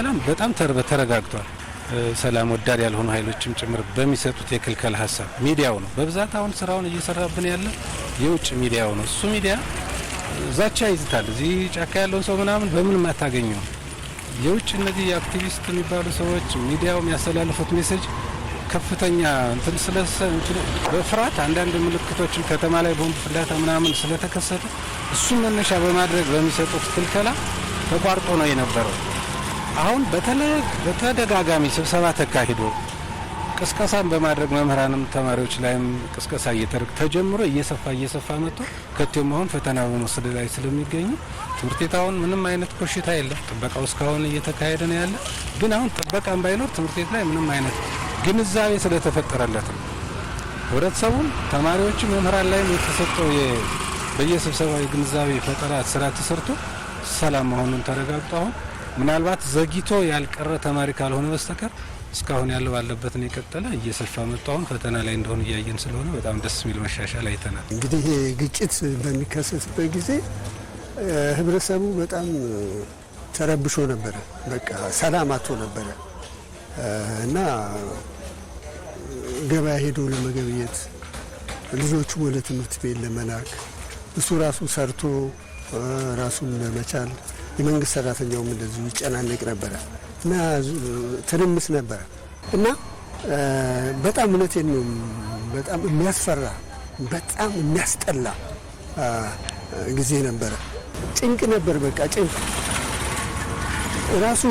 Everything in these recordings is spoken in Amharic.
ሰላም በጣም ተረጋግቷል። ሰላም ወዳድ ያልሆኑ ኃይሎችም ጭምር በሚሰጡት የክልከላ ሀሳብ ሚዲያው ነው በብዛት አሁን ስራውን እየሰራብን ያለ የውጭ ሚዲያው ነው። እሱ ሚዲያ ዛቻ ይዝታል። እዚህ ጫካ ያለውን ሰው ምናምን በምንም አታገኘው። የውጭ እነዚህ የአክቲቪስት የሚባሉ ሰዎች ሚዲያው የሚያስተላልፉት ሜሴጅ ከፍተኛ እንትን በፍርሃት አንዳንድ ምልክቶችን ከተማ ላይ ቦምብ ፍንዳታ ምናምን ስለተከሰተ እሱን መነሻ በማድረግ በሚሰጡት ክልከላ ተቋርጦ ነው የነበረው። አሁን በተደጋጋሚ ስብሰባ ተካሂዶ ቅስቀሳን በማድረግ መምህራንም ተማሪዎች ላይም ቅስቀሳ እየተደረገ ተጀምሮ እየሰፋ እየሰፋ መጥቶ ከቴ መሆን ፈተና በመውሰድ ላይ ስለሚገኙ ትምህርት ቤት አሁን ምንም አይነት ኮሽታ የለም። ጥበቃው እስካሁን እየተካሄደ ነው ያለ። ግን አሁን ጥበቃን ባይኖር ትምህርት ቤት ላይ ምንም አይነት ግንዛቤ ስለተፈጠረለት ነው። ህብረተሰቡም ተማሪዎች መምህራን ላይም የተሰጠው በየስብሰባዊ ግንዛቤ ፈጠራ ስራ ተሰርቶ ሰላም መሆኑን ተረጋግጦ አሁን ምናልባት ዘግይቶ ያልቀረ ተማሪ ካልሆነ በስተቀር እስካሁን ያለው ባለበት ነው የቀጠለ። እየሰፋ መጡ። አሁን ፈተና ላይ እንደሆነ እያየን ስለሆነ በጣም ደስ የሚል መሻሻል አይተናል። እንግዲህ ግጭት በሚከሰትበት ጊዜ ህብረተሰቡ በጣም ተረብሾ ነበረ፣ በቃ ሰላም አቶ ነበረ እና ገበያ ሄዶ ለመገብየት ልጆቹ ወደ ትምህርት ቤት ለመላክ እሱ ራሱ ሰርቶ ራሱን ለመቻል የመንግስት ሰራተኛውም እንደዚሁ ይጨናነቅ ነበረ እና ትርምስ ነበረ እና በጣም እውነቴን ነው በጣም የሚያስፈራ በጣም የሚያስጠላ ጊዜ ነበረ። ጭንቅ ነበር፣ በቃ ጭንቅ ራሱ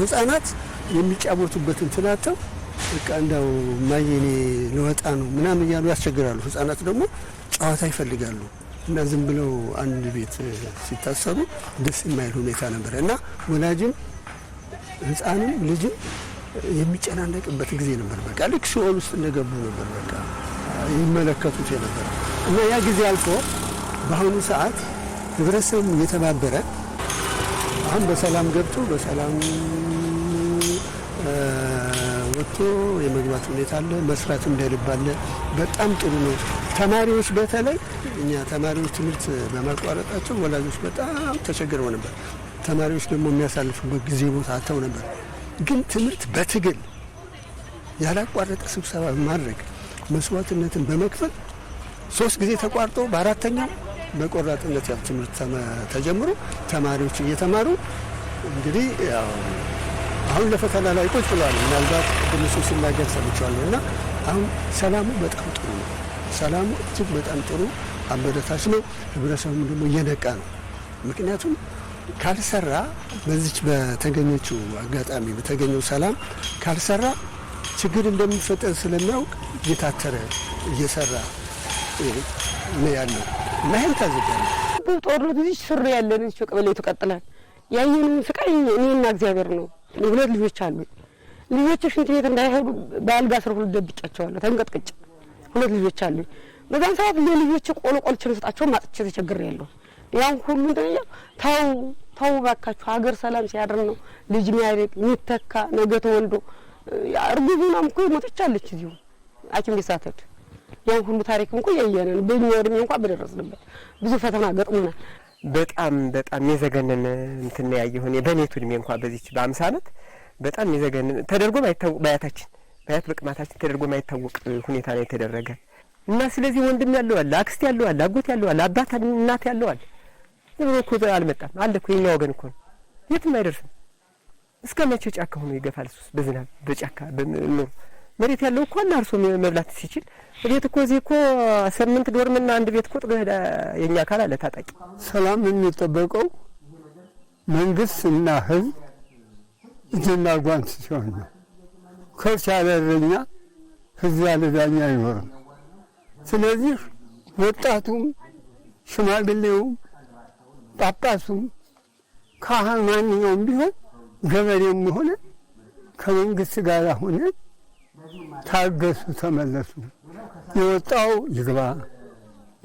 ህጻናት የሚጫወቱበትን ትናተው በቃ እንዳው ማየኔ ልወጣ ነው ምናምን እያሉ ያስቸግራሉ። ህጻናት ደግሞ ጨዋታ ይፈልጋሉ። እና ዝም ብለው አንድ ቤት ሲታሰሩ ደስ የማይል ሁኔታ ነበረ እና ወላጅም ህፃንም ልጅም የሚጨናነቅበት ጊዜ ነበር። በቃ ልክ ሲኦል ውስጥ እንደገቡ ነበር በቃ ይመለከቱት የነበረ እና ያ ጊዜ አልፎ በአሁኑ ሰዓት ህብረተሰብ እየተባበረ አሁን በሰላም ገብቶ በሰላም ወጥቶ የመግባት ሁኔታ አለ። መስራት እንደልባለ በጣም ጥሩ ነው። ተማሪዎች በተለይ እኛ ተማሪዎች ትምህርት በማቋረጣቸው ወላጆች በጣም ተቸግረው ነበር። ተማሪዎች ደግሞ የሚያሳልፉበት ጊዜ ቦታ አተው ነበር። ግን ትምህርት በትግል ያላቋረጠ ስብሰባ በማድረግ መስዋዕትነትን በመክፈል ሶስት ጊዜ ተቋርጦ በአራተኛው በቆራጥነት ያው ትምህርት ተጀምሮ ተማሪዎች እየተማሩ እንግዲህ አሁን ለፈተና ላይ ቁጭ ብሏል። ምናልባት እነሱ ሲናገር ሰምቸዋለሁ እና አሁን ሰላሙ በጣም ጥሩ ነው። ሰላሙ እጅግ በጣም ጥሩ አበረታች ነው። ህብረተሰቡም ደግሞ እየነቃ ነው። ምክንያቱም ካልሰራ በዚች በተገኘችው አጋጣሚ በተገኘው ሰላም ካልሰራ ችግር እንደሚፈጠር ስለሚያውቅ እየታተረ እየሰራ ነው ያለው እና ይህን ታዘጋለ ጦርነት ስሩ ያለን ቀበሌቱ ቀጥላል ያየንን ስቃይ እኔና እግዚአብሔር ነው ሁለት ልጆች አሉ። ልጆች ሽንት ቤት እንዳይሄዱ በአልጋ ስር ሁሉ ደብቄያቸዋለሁ ተንቀጥቅጬ። ሁለት ልጆች አሉ። በዛን ሰዓት ለልጆች ቆሎ ሰጣቸው ልሰጣቸው ተቸግር ተቸግሬያለሁ። ያን ሁሉ እንደያ እያልኩ ተው ተው ባካችሁ፣ ሀገር ሰላም ሲያድር ነው ልጅ ሚያድግ ሚተካ ነገ ተወልዶ እርጉዙናም እኮ ሞተቻለች እዚሁ ሐኪም ቤት ያን ሁሉ ታሪክም እኮ ያየነን በእኛ እድሜ እንኳን በደረስንበት ብዙ ፈተና ገጥሞናል። በጣም በጣም የዘገነን እንትን ነው ያየሁ እኔ በኔቱ እድሜ እንኳ በዚች በአምሳ አመት በጣም የዘገነን ተደርጎ ባያታችን ባያት በቅማታችን ተደርጎ ማይታወቅ ሁኔታ ነው የተደረገ እና ስለዚህ ወንድም ያለዋል፣ አክስት ያለዋል፣ አጎት ያለዋል፣ አባት እናት ያለዋል። አለ። ዝም እኮ አልመጣም አለ እኮ የኛ ወገን እኮ ነው፣ የትም አይደርስም። እስከ መቼ ጫካ ሆኖ ይገፋል? ሱስ በዝናብ በጫካ በኑሮ መሬት ያለው እኮ እና አርሶ መብላት ሲችል ቤት እኮ እዚህ እኮ ስምንት ዶርምና አንድ ቤት ቁጥር የኛ አካል አለ ታጣቂ። ሰላም የሚጠበቀው መንግስት እና ህዝብ እጅና ጓንት ሲሆን ነው። ከብት ያለ እረኛ ህዝብ ያለ ዳኛ አይኖርም። ስለዚህ ወጣቱም፣ ሽማግሌውም፣ ጳጳሱም ካህን ማንኛውም ቢሆን ገበሬም ሆነ ከመንግስት ጋር ሆነ ታገሱ፣ ተመለሱ። የወጣው ይግባ፣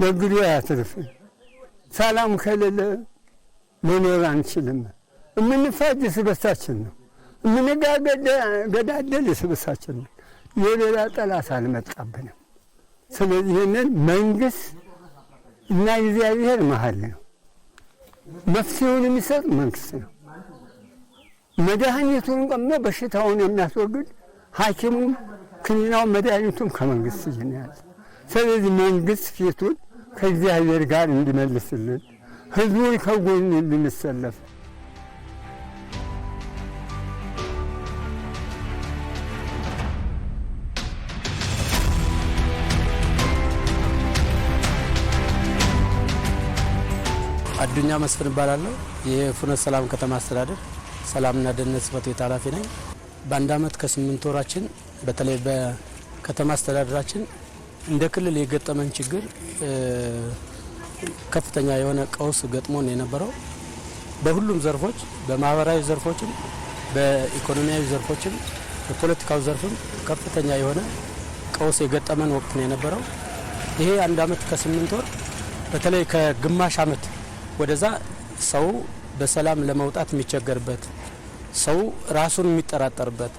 ለግዱ አያትርፍ። ሰላም ከሌለ መኖር አንችልም። የምንፋጅ ስበሳችን ነው። የምንጋገዳደል ስበሳችን ነው። የሌላ ጠላት አልመጣብንም። ስለዚህ ይህንን መንግስት እና እግዚአብሔር መሀል ነው። መፍትሄውን የሚሰጥ መንግስት ነው። መድኃኒቱን ቀመ በሽታውን የሚያስወግድ ሐኪሙም ሕክምናው መድኃኒቱም ከመንግስት እጅ ነው ያለ። ስለዚህ መንግስት ፊቱን ከእግዚአብሔር ጋር እንዲመልስልን፣ ህዝቡን ከጎን እንድንሰለፍ አዱኛ መስፍን እባላለሁ። የፍኖተ ሰላም ከተማ አስተዳደር ሰላምና ደህንነት ጽሕፈት ቤት ኃላፊ ነኝ። በአንድ ዓመት ከስምንት ወራችን በተለይ በከተማ አስተዳደራችን እንደ ክልል የገጠመን ችግር ከፍተኛ የሆነ ቀውስ ገጥሞን የነበረው በሁሉም ዘርፎች በማህበራዊ ዘርፎችም በኢኮኖሚያዊ ዘርፎችም በፖለቲካዊ ዘርፍም ከፍተኛ የሆነ ቀውስ የገጠመን ወቅት ነው የነበረው። ይሄ አንድ አመት ከስምንት ወር በተለይ ከግማሽ አመት ወደዛ ሰው በሰላም ለመውጣት የሚቸገርበት ሰው ራሱን የሚጠራጠርበት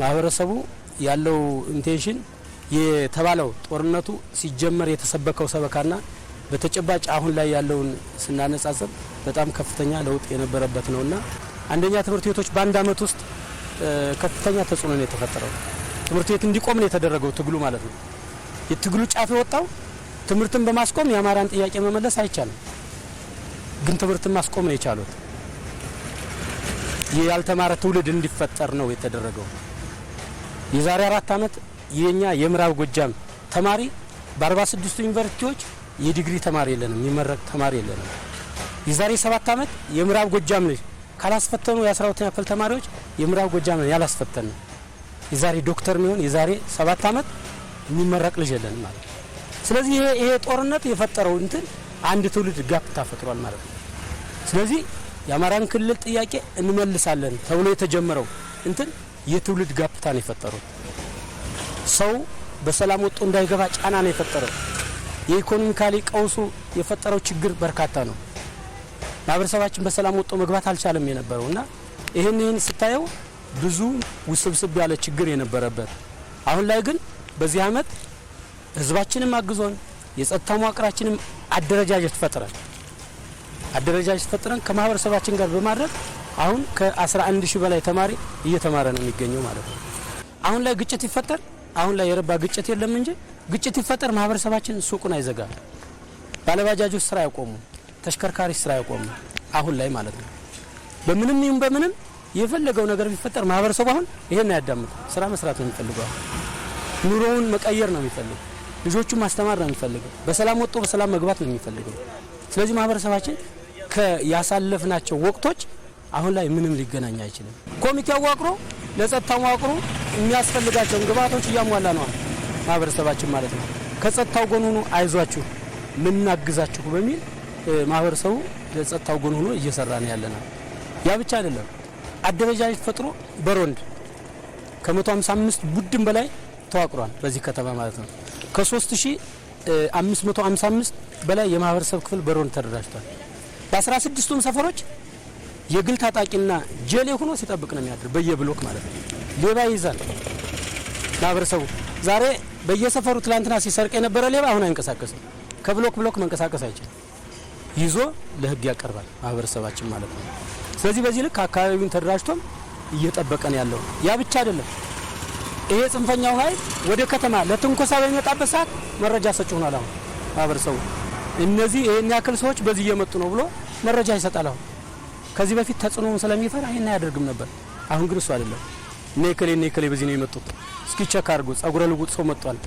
ማህበረሰቡ ያለው ኢንቴንሽን የተባለው ጦርነቱ ሲጀመር የተሰበከው ሰበካና በተጨባጭ አሁን ላይ ያለውን ስናነጻጽር በጣም ከፍተኛ ለውጥ የነበረበት ነውና አንደኛ ትምህርት ቤቶች በአንድ ዓመት ውስጥ ከፍተኛ ተጽዕኖ ነው የተፈጠረው። ትምህርት ቤት እንዲቆም ነው የተደረገው ትግሉ ማለት ነው። የትግሉ ጫፍ የወጣው ትምህርትን በማስቆም የአማራን ጥያቄ መመለስ አይቻልም፣ ግን ትምህርትን ማስቆም ነው የቻሉት። ያልተማረ ትውልድ እንዲፈጠር ነው የተደረገው። የዛሬ አራት ዓመት የኛ የምዕራብ ጎጃም ተማሪ በ 46 ዩኒቨርሲቲዎች የዲግሪ ተማሪ የለንም፣ የሚመረቅ ተማሪ የለንም። የዛሬ ሰባት ዓመት የምዕራብ ጎጃም ልጅ ካላስፈተኑ የ 12 ክፍል ተማሪዎች የምዕራብ ጎጃም ያላስፈተን የዛሬ ዶክተር የሚሆን የዛሬ ሰባት ዓመት የሚመረቅ ልጅ የለንም ማለት ነው። ስለዚህ ይሄ ይሄ ጦርነት የፈጠረው እንትን አንድ ትውልድ ጋፕ ታፈጥሯል ማለት ነው። ስለዚህ የአማራን ክልል ጥያቄ እንመልሳለን ተብሎ የተጀመረው እንትን የትውልድ ጋፕታ ነው የፈጠሩት። ሰው በሰላም ወጥቶ እንዳይገባ ጫና ነው የፈጠረው። የኢኮኖሚካሊ ቀውሱ የፈጠረው ችግር በርካታ ነው። ማህበረሰባችን በሰላም ወጥቶ መግባት አልቻለም የነበረው እና ይህን ይህን ስታየው ብዙ ውስብስብ ያለ ችግር የነበረበት አሁን ላይ ግን በዚህ አመት ህዝባችንም አግዞን የጸጥታ መዋቅራችንም አደረጃጀት ፈጥረን አደረጃጀት ፈጥረን ከማህበረሰባችን ጋር በማድረግ አሁን ከ11 ሺህ በላይ ተማሪ እየተማረ ነው የሚገኘው ማለት ነው። አሁን ላይ ግጭት ይፈጠር አሁን ላይ የረባ ግጭት የለም እንጂ ግጭት ይፈጠር ማህበረሰባችን ሱቁን አይዘጋም። ባለባጃጆች ስራ አይቆሙ፣ ተሽከርካሪ ስራ አይቆሙ። አሁን ላይ ማለት ነው። በምንም ይሁን በምንም የፈለገው ነገር ቢፈጠር ማህበረሰቡ አሁን ይሄን አያዳምጥ። ስራ መስራት ነው የሚፈልገው። ኑሮውን መቀየር ነው የሚፈልገው። ልጆቹ ማስተማር ነው የሚፈልገው። በሰላም ወጥቶ በሰላም መግባት ነው የሚፈልገው። ስለዚህ ማህበረሰባችን ያሳለፍናቸው ወቅቶች አሁን ላይ ምንም ሊገናኝ አይችልም። ኮሚቴ አዋቅሮ ለጸጥታ መዋቅሩ የሚያስፈልጋቸውን ግብዓቶች እያሟላ ነዋል። ማህበረሰባችን ማለት ነው። ከጸጥታው ጎን ሆኖ አይዟችሁ ምናግዛችሁ በሚል ማህበረሰቡ ለጸጥታው ጎን ሆኖ እየሰራ ነው ያለና ያ ብቻ አይደለም። አደረጃጀት ፈጥሮ በሮንድ ከ155 ቡድን በላይ ተዋቅሯል በዚህ ከተማ ማለት ነው። ከ3555 በላይ የማህበረሰብ ክፍል በሮንድ ተደራጅቷል። በ16ቱም ሰፈሮች የግል ታጣቂና ጀሌ ሆኖ ሲጠብቅ ነው የሚያድር። በየብሎክ ማለት ነው። ሌባ ይይዛል ማህበረሰቡ። ዛሬ በየሰፈሩ ትላንትና ሲሰርቅ የነበረ ሌባ አሁን አይንቀሳቀስም። ከብሎክ ብሎክ መንቀሳቀስ አይችልም። ይዞ ለህግ ያቀርባል ማህበረሰባችን ማለት ነው። ስለዚህ በዚህ ልክ አካባቢውን ተደራጅቶም እየጠበቀ ነው ያለው። ያ ብቻ አይደለም። ይሄ ጽንፈኛው ኃይል ወደ ከተማ ለትንኮሳ በሚመጣበት ሰዓት መረጃ ሰጭ ሆኗል። አሁን ማህበረሰቡ እነዚህ ይሄን ያክል ሰዎች በዚህ እየመጡ ነው ብሎ መረጃ ይሰጣል አሁን ከዚህ በፊት ተጽዕኖውን ስለሚፈራ ይህን አያደርግም ነበር። አሁን ግን እሱ አይደለም። ኔከሌ ኔከሌ በዚህ ነው የመጡት። እስኪ ቸክ አድርጎ ጸጉረ ልውጥ ሰው መጥቷል።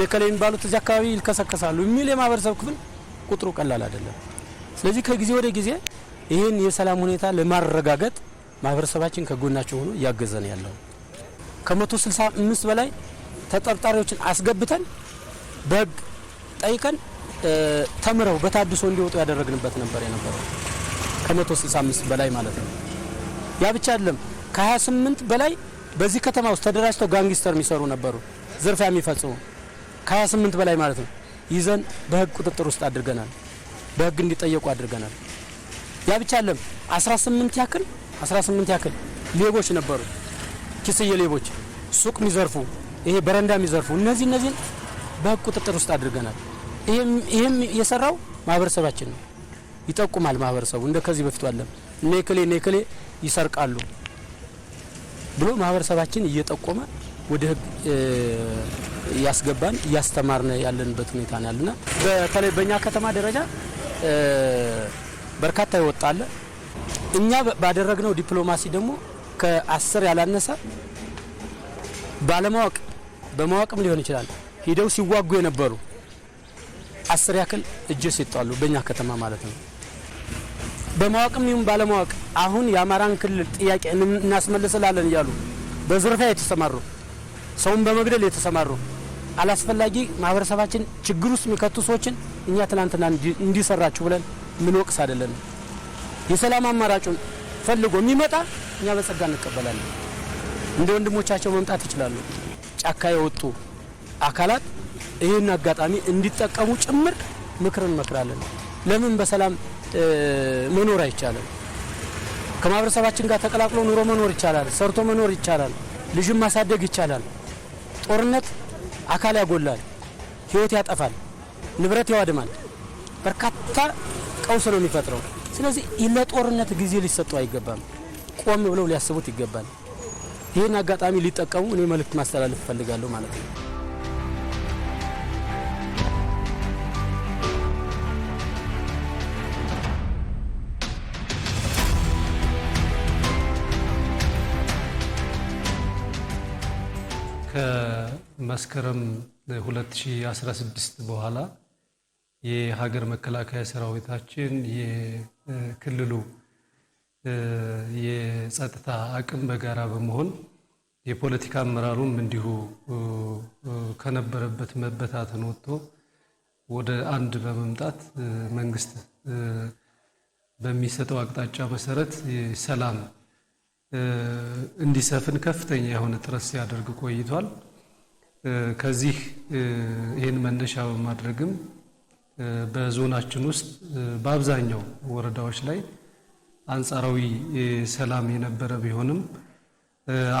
ኔከሌ የሚባሉት እዚህ አካባቢ ይልከሰከሳሉ የሚል የማህበረሰብ ክፍል ቁጥሩ ቀላል አይደለም። ስለዚህ ከጊዜ ወደ ጊዜ ይህን የሰላም ሁኔታ ለማረጋገጥ ማህበረሰባችን ከጎናቸው ሆኖ እያገዘ ነው ያለው። አምስት በላይ ተጠርጣሪዎችን አስገብተን በህግ ጠይቀን ተምረው በታድሶ እንዲወጡ ያደረግንበት ነበር የነበረው። ከ165 በላይ ማለት ነው። ያ ብቻ አይደለም፣ ከ28 በላይ በዚህ ከተማ ውስጥ ተደራጅተው ጋንግስተር የሚሰሩ ነበሩ፣ ዝርፊያ የሚፈጽሙ ከ28 በላይ ማለት ነው። ይዘን በህግ ቁጥጥር ውስጥ አድርገናል፣ በህግ እንዲጠየቁ አድርገናል። ያ ብቻ አይደለም፣ 18 ያክል 18 ያክል ሌቦች ነበሩ፣ ኪስዬ ሌቦች፣ ሱቅ የሚዘርፉ ይሄ በረንዳ የሚዘርፉ እነዚህ እነዚህን በህግ ቁጥጥር ውስጥ አድርገናል። ይህም የሰራው ማህበረሰባችን ነው። ይጠቁማል ማህበረሰቡ እንደ ከዚህ በፊቱ አለም እነ ክሌ እነ ክሌ ይሰርቃሉ ብሎ ማህበረሰባችን እየጠቆመ ወደ ህግ እያስገባን እያስተማርን ያለንበት ሁኔታ ነው ያለና በተለይ በእኛ ከተማ ደረጃ በርካታ ይወጣለ። እኛ ባደረግነው ዲፕሎማሲ ደግሞ ከአስር ያላነሰ ባለማወቅ በማወቅም ሊሆን ይችላል ሂደው ሲዋጉ የነበሩ አስር ያክል እጅ ሲጣሉ በእኛ ከተማ ማለት ነው። በማወቅም ይሁን ባለማወቅ አሁን የአማራን ክልል ጥያቄ እናስመልስላለን እያሉ በዙርፊያ የተሰማሩ ሰውን በመግደል የተሰማሩ አላስፈላጊ ማህበረሰባችን ችግር ውስጥ የሚከቱ ሰዎችን እኛ ትናንትና እንዲሰራችሁ ብለን ምን ወቅስ የሰላም አማራጩን ፈልጎ የሚመጣ እኛ በጸጋ እንቀበላለን። እንደ ወንድሞቻቸው መምጣት ይችላሉ። ጫካ የወጡ አካላት ይህን አጋጣሚ እንዲጠቀሙ ጭምር ምክር እንመክራለን። ለምን በሰላም መኖር አይቻልም። ከማህበረሰባችን ጋር ተቀላቅሎ ኑሮ መኖር ይቻላል። ሰርቶ መኖር ይቻላል። ልጅም ማሳደግ ይቻላል። ጦርነት አካል ያጎላል፣ ህይወት ያጠፋል፣ ንብረት ያዋድማል፣ በርካታ ቀውስ ነው የሚፈጥረው። ስለዚህ ለጦርነት ጊዜ ሊሰጠው አይገባም። ቆም ብለው ሊያስቡት ይገባል። ይህን አጋጣሚ ሊጠቀሙ እኔ መልእክት ማስተላለፍ እፈልጋለሁ ማለት ነው። መስከረም 2016 በኋላ የሀገር መከላከያ ሰራዊታችን የክልሉ የጸጥታ አቅም በጋራ በመሆን የፖለቲካ አመራሩም እንዲሁ ከነበረበት መበታተን ወጥቶ ወደ አንድ በመምጣት መንግስት በሚሰጠው አቅጣጫ መሰረት ሰላም እንዲሰፍን ከፍተኛ የሆነ ጥረት ሲያደርግ ቆይቷል። ከዚህ ይህን መነሻ በማድረግም በዞናችን ውስጥ በአብዛኛው ወረዳዎች ላይ አንጻራዊ ሰላም የነበረ ቢሆንም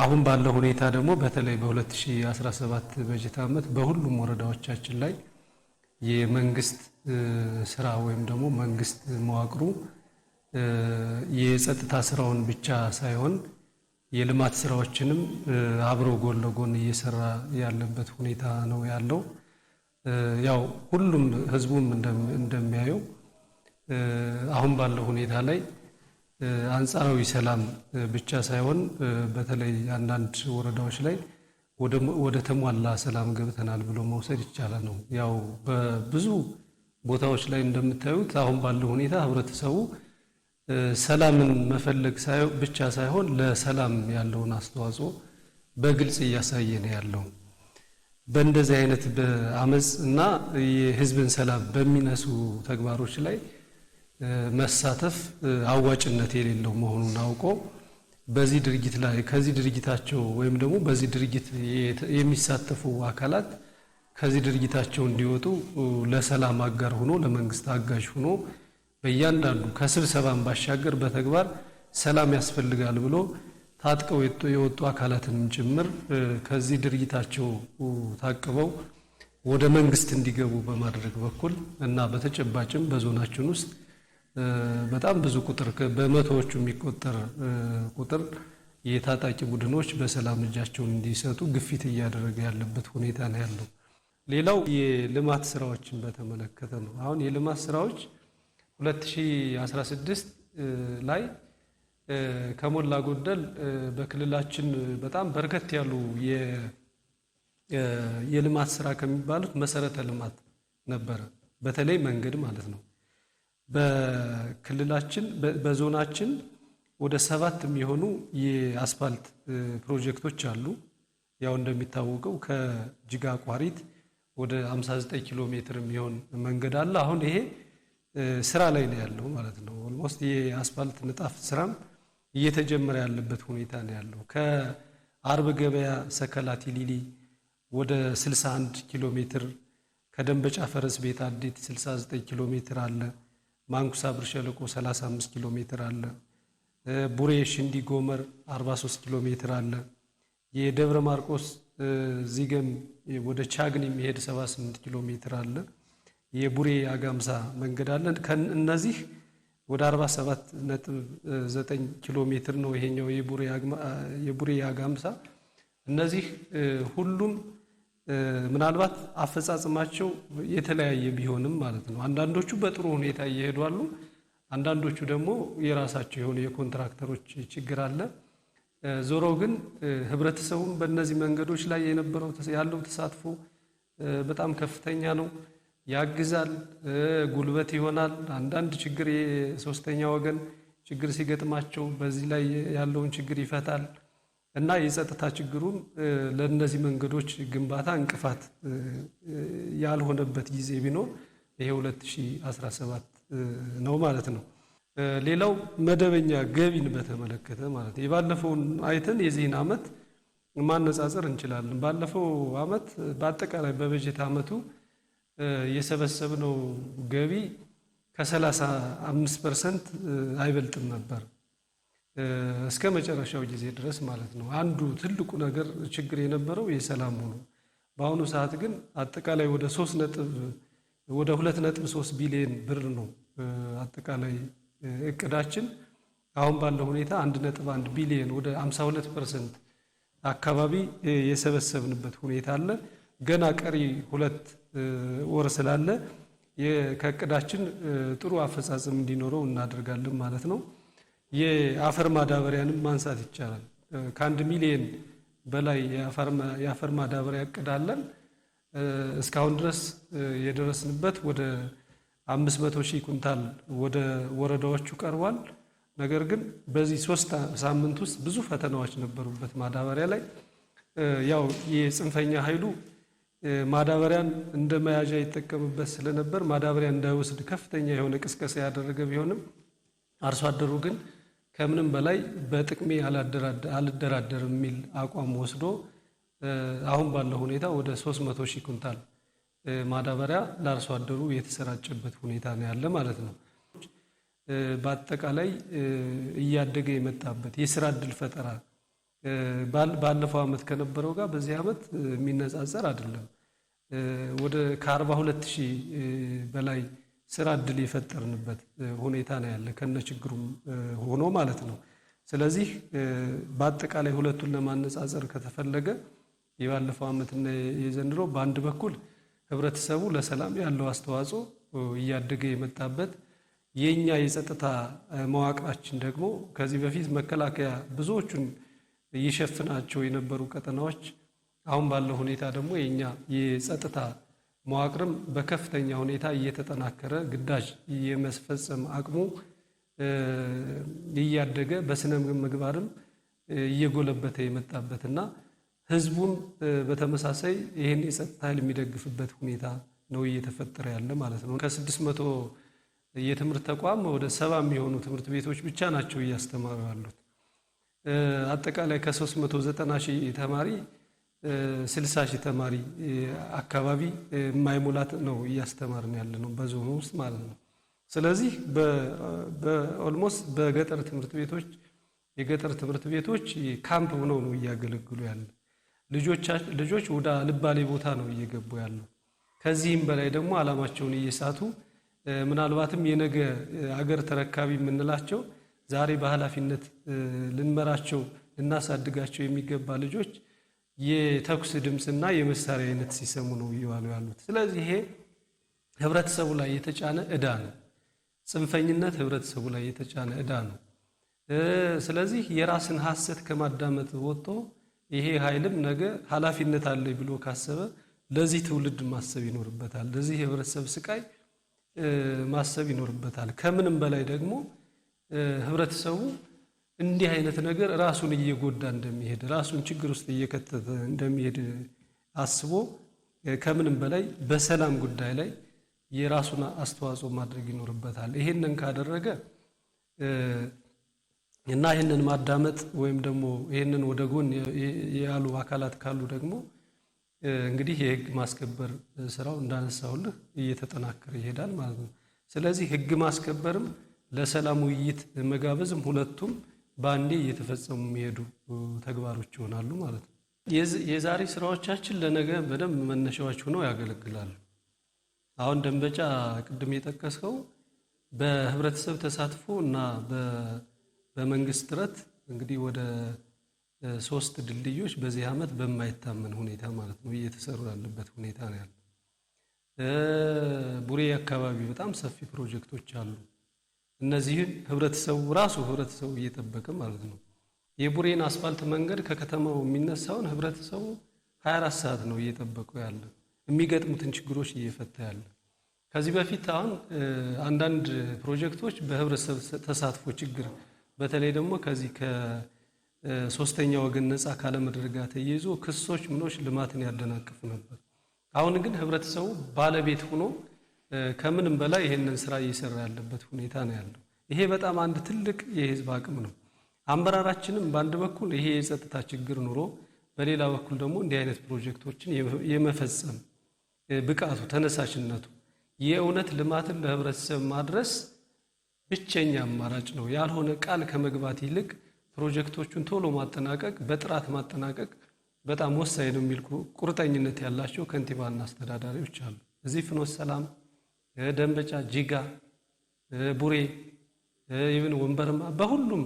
አሁን ባለው ሁኔታ ደግሞ በተለይ በ2017 በጀት ዓመት በሁሉም ወረዳዎቻችን ላይ የመንግስት ስራ ወይም ደግሞ መንግስት መዋቅሩ የጸጥታ ስራውን ብቻ ሳይሆን የልማት ስራዎችንም አብሮ ጎን ለጎን እየሰራ ያለበት ሁኔታ ነው ያለው። ያው ሁሉም ህዝቡም እንደሚያየው አሁን ባለው ሁኔታ ላይ አንጻራዊ ሰላም ብቻ ሳይሆን በተለይ አንዳንድ ወረዳዎች ላይ ወደ ተሟላ ሰላም ገብተናል ብሎ መውሰድ ይቻላል ነው። ያው በብዙ ቦታዎች ላይ እንደምታዩት አሁን ባለው ሁኔታ ህብረተሰቡ ሰላምን መፈለግ ብቻ ሳይሆን ለሰላም ያለውን አስተዋጽኦ በግልጽ እያሳየ ነው ያለው። በእንደዚህ አይነት በአመፅ እና የህዝብን ሰላም በሚነሱ ተግባሮች ላይ መሳተፍ አዋጭነት የሌለው መሆኑን አውቆ በዚህ ድርጊት ላይ ከዚህ ድርጊታቸው ወይም ደግሞ በዚህ ድርጊት የሚሳተፉ አካላት ከዚህ ድርጊታቸው እንዲወጡ ለሰላም አጋር ሆኖ ለመንግስት አጋዥ ሆኖ በእያንዳንዱ ከስብሰባን ባሻገር በተግባር ሰላም ያስፈልጋል ብሎ ታጥቀው የወጡ አካላትንም ጭምር ከዚህ ድርጊታቸው ታቅበው ወደ መንግስት እንዲገቡ በማድረግ በኩል እና በተጨባጭም በዞናችን ውስጥ በጣም ብዙ ቁጥር በመቶዎቹ የሚቆጠር ቁጥር የታጣቂ ቡድኖች በሰላም እጃቸውን እንዲሰጡ ግፊት እያደረገ ያለበት ሁኔታ ነው ያለው። ሌላው የልማት ስራዎችን በተመለከተ ነው። አሁን የልማት ስራዎች 2016 ላይ ከሞላ ጎደል በክልላችን በጣም በርከት ያሉ የልማት ስራ ከሚባሉት መሰረተ ልማት ነበረ። በተለይ መንገድ ማለት ነው። በክልላችን በዞናችን ወደ ሰባት የሚሆኑ የአስፋልት ፕሮጀክቶች አሉ። ያው እንደሚታወቀው ከጅጋ ቋሪት ወደ 59 ኪሎ ሜትር የሚሆን መንገድ አለ። አሁን ይሄ ስራ ላይ ነው ያለው ማለት ነው። ኦልሞስት የአስፋልት ንጣፍ ስራም እየተጀመረ ያለበት ሁኔታ ነው ያለው። ከአርብ ገበያ ሰከላ ቲሊሊ ወደ 61 ኪሎ ሜትር ከደንበጫ ፈረስ ቤት አዴት 69 ኪሎ ሜትር አለ። ማንኩሳ ብር ሸለቆ 35 ኪሎ ሜትር አለ። ቡሬ ሽንዲ ጎመር 43 ኪሎ ሜትር አለ። የደብረ ማርቆስ ዚገም ወደ ቻግን የሚሄድ 78 ኪሎ ሜትር አለ። የቡሬ አጋምሳ መንገድ አለ። እነዚህ ወደ 47.9 ኪሎ ሜትር ነው ይሄኛው የቡሬ አጋምሳ። እነዚህ ሁሉም ምናልባት አፈጻጽማቸው የተለያየ ቢሆንም ማለት ነው። አንዳንዶቹ በጥሩ ሁኔታ እየሄዱ አሉ። አንዳንዶቹ ደግሞ የራሳቸው የሆነ የኮንትራክተሮች ችግር አለ። ዞሮ ግን ህብረተሰቡም በእነዚህ መንገዶች ላይ የነበረው ያለው ተሳትፎ በጣም ከፍተኛ ነው። ያግዛል፣ ጉልበት ይሆናል። አንዳንድ ችግር የሶስተኛ ወገን ችግር ሲገጥማቸው በዚህ ላይ ያለውን ችግር ይፈታል እና የጸጥታ ችግሩም ለእነዚህ መንገዶች ግንባታ እንቅፋት ያልሆነበት ጊዜ ቢኖር ይሄ 2017 ነው ማለት ነው። ሌላው መደበኛ ገቢን በተመለከተ ማለት የባለፈውን አይተን የዚህን ዓመት ማነጻጸር እንችላለን። ባለፈው ዓመት በአጠቃላይ በበጀት ዓመቱ የሰበሰብነው ገቢ ከሰላሳ አምስት ፐርሰንት አይበልጥም ነበር እስከ መጨረሻው ጊዜ ድረስ ማለት ነው። አንዱ ትልቁ ነገር ችግር የነበረው የሰላሙ ነው። በአሁኑ ሰዓት ግን አጠቃላይ ወደ ሶስት ነጥብ ወደ ሁለት ነጥብ ሶስት ቢሊዮን ብር ነው አጠቃላይ እቅዳችን። አሁን ባለው ሁኔታ አንድ ነጥብ አንድ ቢሊዮን ወደ 52 ሁለት ፐርሰንት አካባቢ የሰበሰብንበት ሁኔታ አለ። ገና ቀሪ ሁለት ወር ስላለ ከእቅዳችን ጥሩ አፈጻጸም እንዲኖረው እናደርጋለን ማለት ነው። የአፈር ማዳበሪያንም ማንሳት ይቻላል። ከአንድ ሚሊየን በላይ የአፈር ማዳበሪያ እቅድ አለን። እስካሁን ድረስ የደረስንበት ወደ አምስት መቶ ሺህ ኩንታል ወደ ወረዳዎቹ ቀርቧል። ነገር ግን በዚህ ሶስት ሳምንት ውስጥ ብዙ ፈተናዎች ነበሩበት ማዳበሪያ ላይ ያው የጽንፈኛ ኃይሉ ማዳበሪያን እንደ መያዣ ይጠቀምበት ስለነበር ማዳበሪያ እንዳይወስድ ከፍተኛ የሆነ ቅስቀሳ ያደረገ ቢሆንም አርሶ አደሩ ግን ከምንም በላይ በጥቅሜ አልደራደርም የሚል አቋም ወስዶ አሁን ባለው ሁኔታ ወደ 300 ሺህ ኩንታል ማዳበሪያ ለአርሶ አደሩ የተሰራጨበት ሁኔታ ነው ያለ ማለት ነው። በአጠቃላይ እያደገ የመጣበት የስራ እድል ፈጠራ ባለፈው ዓመት ከነበረው ጋር በዚህ ዓመት የሚነጻጸር አይደለም። ወደ ከ42 ሺህ በላይ ስራ እድል የፈጠርንበት ሁኔታ ነው ያለ ከነ ችግሩም ሆኖ ማለት ነው። ስለዚህ በአጠቃላይ ሁለቱን ለማነጻጸር ከተፈለገ የባለፈው ዓመትና የዘንድሮ በአንድ በኩል ህብረተሰቡ ለሰላም ያለው አስተዋጽኦ እያደገ የመጣበት የኛ የጸጥታ መዋቅራችን ደግሞ ከዚህ በፊት መከላከያ ብዙዎቹን ይሸፍናቸው የነበሩ ቀጠናዎች አሁን ባለው ሁኔታ ደግሞ የኛ የጸጥታ መዋቅርም በከፍተኛ ሁኔታ እየተጠናከረ ግዳጅ የመስፈጸም አቅሙ እያደገ በስነ ምግባርም እየጎለበተ እና ህዝቡም በተመሳሳይ ይህን የጸጥታ ኃይል የሚደግፍበት ሁኔታ ነው እየተፈጠረ ያለ ማለት ነው። ከስድስት መቶ የትምህርት ተቋም ወደ ሰባ የሚሆኑ ትምህርት ቤቶች ብቻ ናቸው እያስተማሩ ያሉት። አጠቃላይ ከሶስት መቶ ዘጠና ሺህ ተማሪ ስልሳ ሺህ ተማሪ አካባቢ ማይሞላት ነው እያስተማርን ያለ ነው በዞኑ ውስጥ ማለት ነው። ስለዚህ በኦልሞስት በገጠር ትምህርት ቤቶች የገጠር ትምህርት ቤቶች ካምፕ ሆነው ነው እያገለግሉ ያለ ልጆች ወደ ልባሌ ቦታ ነው እየገቡ ያለው። ከዚህም በላይ ደግሞ አላማቸውን እየሳቱ ምናልባትም የነገ አገር ተረካቢ የምንላቸው ዛሬ በኃላፊነት ልንመራቸው ልናሳድጋቸው የሚገባ ልጆች የተኩስ ድምፅና የመሳሪያ አይነት ሲሰሙ ነው እየዋሉ ያሉት። ስለዚህ ይሄ ህብረተሰቡ ላይ የተጫነ እዳ ነው። ጽንፈኝነት ህብረተሰቡ ላይ የተጫነ እዳ ነው። ስለዚህ የራስን ሀሰት ከማዳመጥ ወጥቶ ይሄ ኃይልም ነገ ኃላፊነት አለኝ ብሎ ካሰበ ለዚህ ትውልድ ማሰብ ይኖርበታል። ለዚህ የህብረተሰብ ስቃይ ማሰብ ይኖርበታል። ከምንም በላይ ደግሞ ህብረተሰቡ እንዲህ አይነት ነገር ራሱን እየጎዳ እንደሚሄድ ራሱን ችግር ውስጥ እየከተተ እንደሚሄድ አስቦ ከምንም በላይ በሰላም ጉዳይ ላይ የራሱን አስተዋጽኦ ማድረግ ይኖርበታል። ይሄንን ካደረገ እና ይህንን ማዳመጥ ወይም ደግሞ ይህንን ወደ ጎን ያሉ አካላት ካሉ ደግሞ እንግዲህ የህግ ማስከበር ስራው እንዳነሳውልህ እየተጠናከረ ይሄዳል ማለት ነው። ስለዚህ ህግ ማስከበርም ለሰላም ውይይት መጋበዝም ሁለቱም በአንዴ እየተፈጸሙ የሚሄዱ ተግባሮች ይሆናሉ ማለት ነው። የዛሬ ስራዎቻችን ለነገ በደንብ መነሻዎች ሆነው ያገለግላሉ። አሁን ደንበጫ ቅድም የጠቀስከው በህብረተሰብ ተሳትፎ እና በመንግስት ጥረት እንግዲህ ወደ ሶስት ድልድዮች በዚህ ዓመት በማይታመን ሁኔታ ማለት ነው እየተሰሩ ያለበት ሁኔታ ነው ያለ። ቡሬ አካባቢ በጣም ሰፊ ፕሮጀክቶች አሉ። እነዚህን ህብረተሰቡ ራሱ ህብረተሰቡ እየጠበቀ ማለት ነው። የቡሬን አስፋልት መንገድ ከከተማው የሚነሳውን ህብረተሰቡ 24 ሰዓት ነው እየጠበቀው ያለ የሚገጥሙትን ችግሮች እየፈታ ያለ። ከዚህ በፊት አሁን አንዳንድ ፕሮጀክቶች በህብረተሰብ ተሳትፎ ችግር በተለይ ደግሞ ከዚህ ከሶስተኛ ወገን ነፃ ካለመድረግ ጋር ተያይዞ ክሶች ምኖች ልማትን ያደናቅፉ ነበር። አሁን ግን ህብረተሰቡ ባለቤት ሆኖ ከምንም በላይ ይህንን ስራ እየሰራ ያለበት ሁኔታ ነው ያለው። ይሄ በጣም አንድ ትልቅ የህዝብ አቅም ነው። አመራራችንም በአንድ በኩል ይሄ የጸጥታ ችግር ኑሮ፣ በሌላ በኩል ደግሞ እንዲህ አይነት ፕሮጀክቶችን የመፈጸም ብቃቱ፣ ተነሳሽነቱ የእውነት ልማትን ለህብረተሰብ ማድረስ ብቸኛ አማራጭ ነው። ያልሆነ ቃል ከመግባት ይልቅ ፕሮጀክቶቹን ቶሎ ማጠናቀቅ፣ በጥራት ማጠናቀቅ በጣም ወሳኝ ነው የሚል ቁርጠኝነት ያላቸው ከንቲባና አስተዳዳሪዎች አሉ። እዚህ ፍኖት ሰላም ደንበጫ፣ ጂጋ፣ ቡሬ ይብን ወንበርማ በሁሉም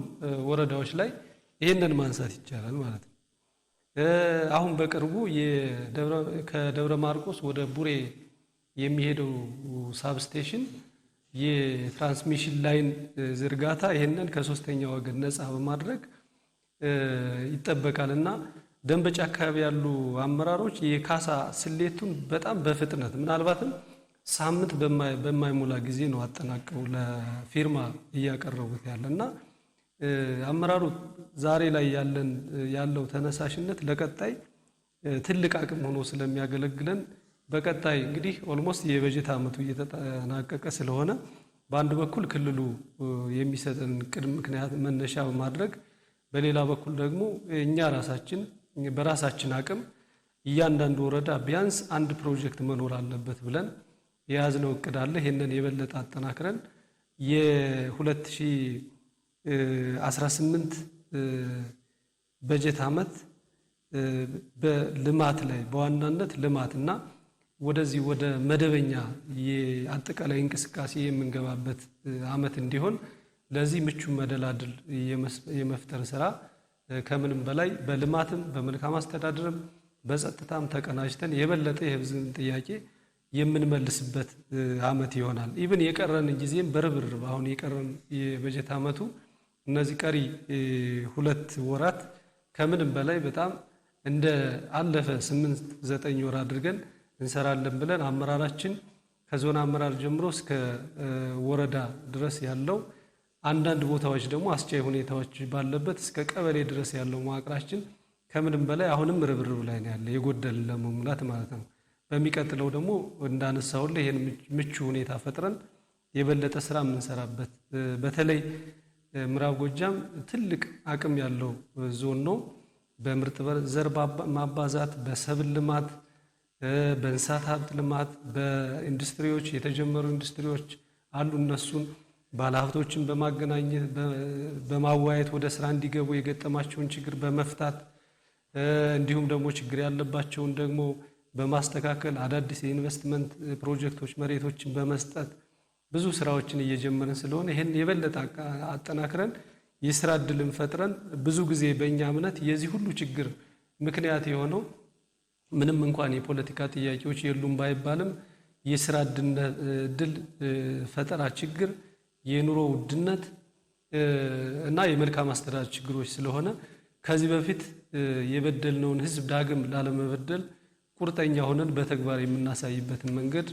ወረዳዎች ላይ ይህንን ማንሳት ይቻላል ማለት ነው። አሁን በቅርቡ ከደብረ ማርቆስ ወደ ቡሬ የሚሄደው ሳብስቴሽን የትራንስሚሽን ላይን ዝርጋታ ይህንን ከሶስተኛ ወገን ነፃ በማድረግ ይጠበቃል እና ደንበጫ አካባቢ ያሉ አመራሮች የካሳ ስሌቱን በጣም በፍጥነት ምናልባትም ሳምንት በማይሞላ ጊዜ ነው አጠናቀው ለፊርማ እያቀረቡት ያለ እና አመራሩ ዛሬ ላይ ያለን ያለው ተነሳሽነት ለቀጣይ ትልቅ አቅም ሆኖ ስለሚያገለግለን በቀጣይ እንግዲህ ኦልሞስት የበጀት ዓመቱ እየተጠናቀቀ ስለሆነ በአንድ በኩል ክልሉ የሚሰጠን ቅድም ምክንያት መነሻ በማድረግ በሌላ በኩል ደግሞ እኛ ራሳችን በራሳችን አቅም እያንዳንዱ ወረዳ ቢያንስ አንድ ፕሮጀክት መኖር አለበት ብለን የያዝነው እቅድ አለ። ይህንን የበለጠ አጠናክረን የ2018 በጀት ዓመት በልማት ላይ በዋናነት ልማት እና ወደዚህ ወደ መደበኛ የአጠቃላይ እንቅስቃሴ የምንገባበት ዓመት እንዲሆን ለዚህ ምቹ መደላድል የመፍጠር ስራ ከምንም በላይ በልማትም በመልካም አስተዳደርም በጸጥታም ተቀናጅተን የበለጠ የሕዝብን ጥያቄ የምንመልስበት አመት ይሆናል። ኢቭን የቀረን ጊዜም በርብር አሁን የቀረን የበጀት አመቱ እነዚህ ቀሪ ሁለት ወራት ከምንም በላይ በጣም እንደ አለፈ ስምንት ዘጠኝ ወር አድርገን እንሰራለን ብለን አመራራችን ከዞን አመራር ጀምሮ እስከ ወረዳ ድረስ ያለው አንዳንድ ቦታዎች ደግሞ አስቻይ ሁኔታዎች ባለበት እስከ ቀበሌ ድረስ ያለው መዋቅራችን ከምንም በላይ አሁንም ርብርብ ላይ ነው ያለ የጎደልን ለመሙላት ማለት ነው። በሚቀጥለው ደግሞ እንዳነሳውላ ይሄን ምቹ ሁኔታ ፈጥረን የበለጠ ስራ የምንሰራበት በተለይ ምዕራብ ጎጃም ትልቅ አቅም ያለው ዞን ነው። በምርጥ ዘር ማባዛት፣ በሰብል ልማት፣ በእንስሳት ሀብት ልማት፣ በኢንዱስትሪዎች የተጀመሩ ኢንዱስትሪዎች አሉ። እነሱን ባለሀብቶችን በማገናኘት በማዋየት ወደ ስራ እንዲገቡ የገጠማቸውን ችግር በመፍታት እንዲሁም ደግሞ ችግር ያለባቸውን ደግሞ በማስተካከል አዳዲስ የኢንቨስትመንት ፕሮጀክቶች መሬቶችን በመስጠት ብዙ ስራዎችን እየጀመርን ስለሆነ ይህን የበለጠ አጠናክረን የስራ እድልን ፈጥረን ብዙ ጊዜ በእኛ እምነት የዚህ ሁሉ ችግር ምክንያት የሆነው ምንም እንኳን የፖለቲካ ጥያቄዎች የሉም ባይባልም የስራ እድል ፈጠራ ችግር፣ የኑሮ ውድነት እና የመልካም አስተዳደር ችግሮች ስለሆነ ከዚህ በፊት የበደልነውን ሕዝብ ዳግም ላለመበደል ቁርጠኛ ሆነን በተግባር የምናሳይበትን መንገድ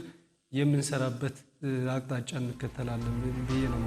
የምንሰራበት አቅጣጫ እንከተላለን ብዬ ነው።